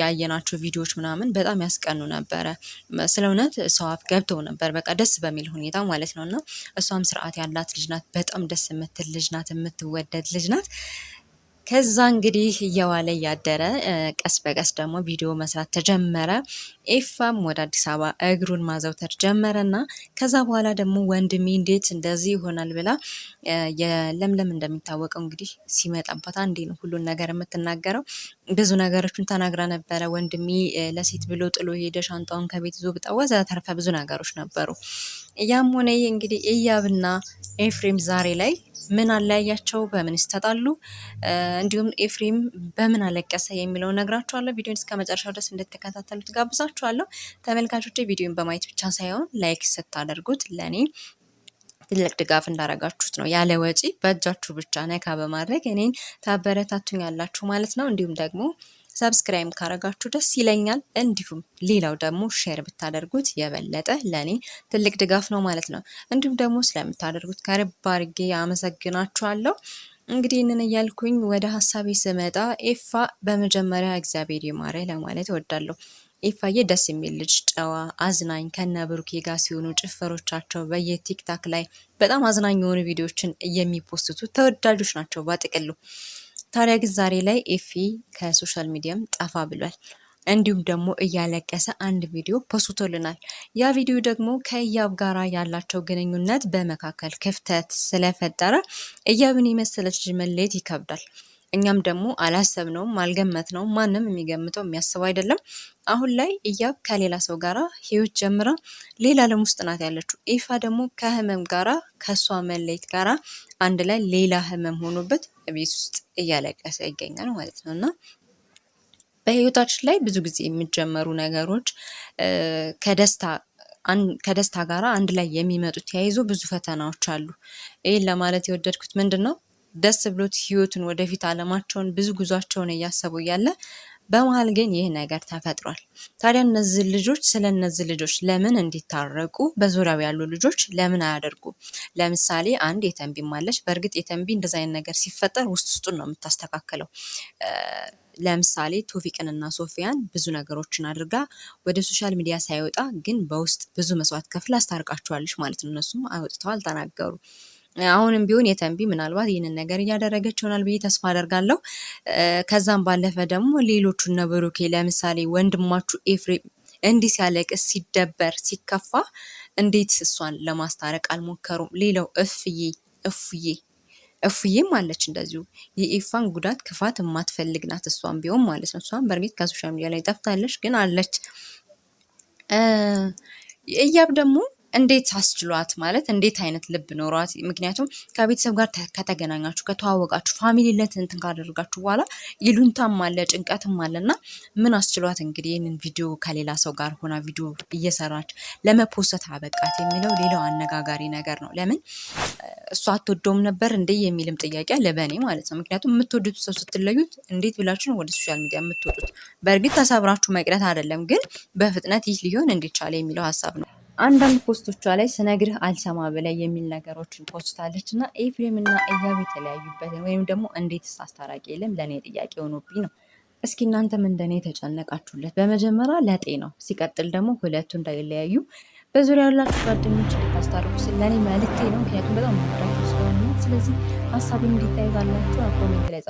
ያየናቸው ቪዲዮዎች ምናምን በጣም ያስቀኑ ነበረ። ስለ እውነት ሰው አፍ ገብተው ነበር፣ በቃ ደስ በሚል ሁኔታ ማለት ነው። እና እሷም ስርዓት ያላት ልጅ ናት፣ በጣም ደስ የምትል ልጅ ናት፣ የምትወደድ ልጅ ናት። ከዛ እንግዲህ እየዋለ እያደረ ቀስ በቀስ ደግሞ ቪዲዮ መስራት ተጀመረ። ኤፋም ወደ አዲስ አበባ እግሩን ማዘውተር እና ከዛ በኋላ ደግሞ ወንድሜ እንዴት እንደዚህ ይሆናል ብላ የለምለም እንደሚታወቀው እንግዲህ ሲመጣባት አንዴ ነው ሁሉን ነገር የምትናገረው። ብዙ ነገሮችን ተናግራ ነበረ። ወንድሜ ለሴት ብሎ ጥሎ ሄደ፣ ሻንጣውን ከቤት ይዞ ብጣ፣ ወዘተርፈ ብዙ ነገሮች ነበሩ። ያም ሆነ እንግዲህ ኢያብና ኤፍሬም ዛሬ ላይ ምን አለያያቸው? በምን ይስተጣሉ? እንዲሁም ኤፍሬም በምን አለቀሰ የሚለው ነግራችኋለሁ። ቪዲዮን እስከ መጨረሻው ድረስ እንደተከታተሉት ጋብዛችሁ እላችኋለሁ። ተመልካቾች ቪዲዮን በማየት ብቻ ሳይሆን ላይክ ስታደርጉት ለእኔ ትልቅ ድጋፍ እንዳረጋችሁት ነው። ያለ ወጪ በእጃችሁ ብቻ ነካ በማድረግ እኔን ታበረታቱኝ ያላችሁ ማለት ነው። እንዲሁም ደግሞ ሰብስክራይብ ካረጋችሁ ደስ ይለኛል። እንዲሁም ሌላው ደግሞ ሼር ብታደርጉት የበለጠ ለእኔ ትልቅ ድጋፍ ነው ማለት ነው። እንዲሁም ደግሞ ስለምታደርጉት ከርብ አድርጌ አመሰግናችኋለሁ። እንግዲህ ይህንን እያልኩኝ ወደ ሀሳቤ ስመጣ ኤፋ በመጀመሪያ እግዚአብሔር ይማረ ለማለት እወዳለሁ። ኤፋየ ደስ የሚል ልጅ ጨዋ፣ አዝናኝ ከነ ብሩኬ ጋር ሲሆኑ ጭፈሮቻቸው በየቲክታክ ላይ በጣም አዝናኝ የሆኑ ቪዲዮዎችን የሚፖስቱ ተወዳጆች ናቸው በጥቅሉ። ታዲያ ግን ዛሬ ላይ ኤፊ ከሶሻል ሚዲያም ጠፋ ብሏል። እንዲሁም ደግሞ እያለቀሰ አንድ ቪዲዮ ፖስቶልናል። ያ ቪዲዮ ደግሞ ከእያብ ጋራ ያላቸው ግንኙነት በመካከል ክፍተት ስለፈጠረ እያብን የመሰለች ልጅ መለየት ይከብዳል። እኛም ደግሞ አላሰብነውም፣ አልገመትነውም። ማንም የሚገምተው የሚያስበው አይደለም። አሁን ላይ ኢያብ ከሌላ ሰው ጋራ ህይወት ጀምራ ሌላ ዓለም ውስጥ ናት ያለችው። ኢፋ ደግሞ ከህመም ጋራ ከእሷ መለየት ጋራ አንድ ላይ ሌላ ህመም ሆኖበት ቤት ውስጥ እያለቀሰ ይገኛል ማለት ነው እና በህይወታችን ላይ ብዙ ጊዜ የሚጀመሩ ነገሮች ከደስታ ከደስታ ጋር አንድ ላይ የሚመጡ ተያይዞ ብዙ ፈተናዎች አሉ። ይህን ለማለት የወደድኩት ምንድን ነው ደስ ብሎት ህይወቱን ወደፊት አለማቸውን ብዙ ጉዟቸውን እያሰቡ እያለ በመሀል ግን ይህ ነገር ተፈጥሯል። ታዲያ እነዚህ ልጆች ስለ እነዚህ ልጆች ለምን እንዲታረቁ በዙሪያው ያሉ ልጆች ለምን አያደርጉ? ለምሳሌ አንድ የተንቢ ማለች። በእርግጥ የተንቢ እንደዚ አይነት ነገር ሲፈጠር ውስጥ ውስጡን ነው የምታስተካከለው። ለምሳሌ ቶፊቅን እና ሶፊያን ብዙ ነገሮችን አድርጋ ወደ ሶሻል ሚዲያ ሳይወጣ ግን በውስጥ ብዙ መስዋዕት ከፍላ አስታርቃቸዋለች ማለት ነው። እነሱም አውጥተው አልተናገሩ አሁንም ቢሆን የተንቢ ምናልባት ይህንን ነገር እያደረገች ይሆናል ብዬ ተስፋ አደርጋለሁ። ከዛም ባለፈ ደግሞ ሌሎቹ እነ ብሩኬ ለምሳሌ ወንድማችሁ ኤፍሬም እንዲህ ሲያለቅስ፣ ሲደበር፣ ሲከፋ እንዴት እሷን ለማስታረቅ አልሞከሩም? ሌላው እፍዬ እፍዬ እፍዬም አለች እንደዚሁ የኢፋን ጉዳት ክፋት የማትፈልግ ናት። እሷን ቢሆን ማለት ነው። እሷን በእርግጥ ከሶሻል ሚዲያ ላይ ጠፍታለች፣ ግን አለች እያብ ደግሞ እንዴት አስችሏት ማለት እንዴት አይነት ልብ ኖሯት። ምክንያቱም ከቤተሰብ ጋር ከተገናኛችሁ ከተዋወቃችሁ ፋሚሊ ለትንትን ካደረጋችሁ በኋላ ይሉንታም አለ ጭንቀትም አለ እና ምን አስችሏት እንግዲህ ይህንን ቪዲዮ ከሌላ ሰው ጋር ሆና ቪዲዮ እየሰራች ለመፖሰት አበቃት የሚለው ሌላው አነጋጋሪ ነገር ነው። ለምን እሷ አትወደውም ነበር እንዴ የሚልም ጥያቄ አለ በእኔ ማለት ነው። ምክንያቱም የምትወዱት ሰው ስትለዩት እንዴት ብላችሁ ወደ ሶሻል ሚዲያ የምትወጡት? በእርግጥ ተሰብራችሁ መቅረት አይደለም፣ ግን በፍጥነት ይህ ሊሆን እንዲቻለ የሚለው ሀሳብ ነው። አንዳንድ ፖስቶቿ ላይ ስነግርህ አልሰማ በላይ የሚል ነገሮችን ፖስታለች እና ኤፍሬም እና እያብ የተለያዩበትን ወይም ደግሞ እንዴትስ አስታራቂ የለም ለእኔ ጥያቄ ሆኖብኝ ነው። እስኪ እናንተም እንደኔ የተጨነቃችሁለት፣ በመጀመሪያ ለጤ ነው፣ ሲቀጥል ደግሞ ሁለቱ እንዳይለያዩ በዙሪያ ያላችሁ ጓደኞች እንድታስታርቁ ስለእኔ መልክቴ ነው። ምክንያቱም በጣም ስለሆነ ስለዚህ ሀሳብ እንዲታይዛላችሁ አኮሜንት ላይ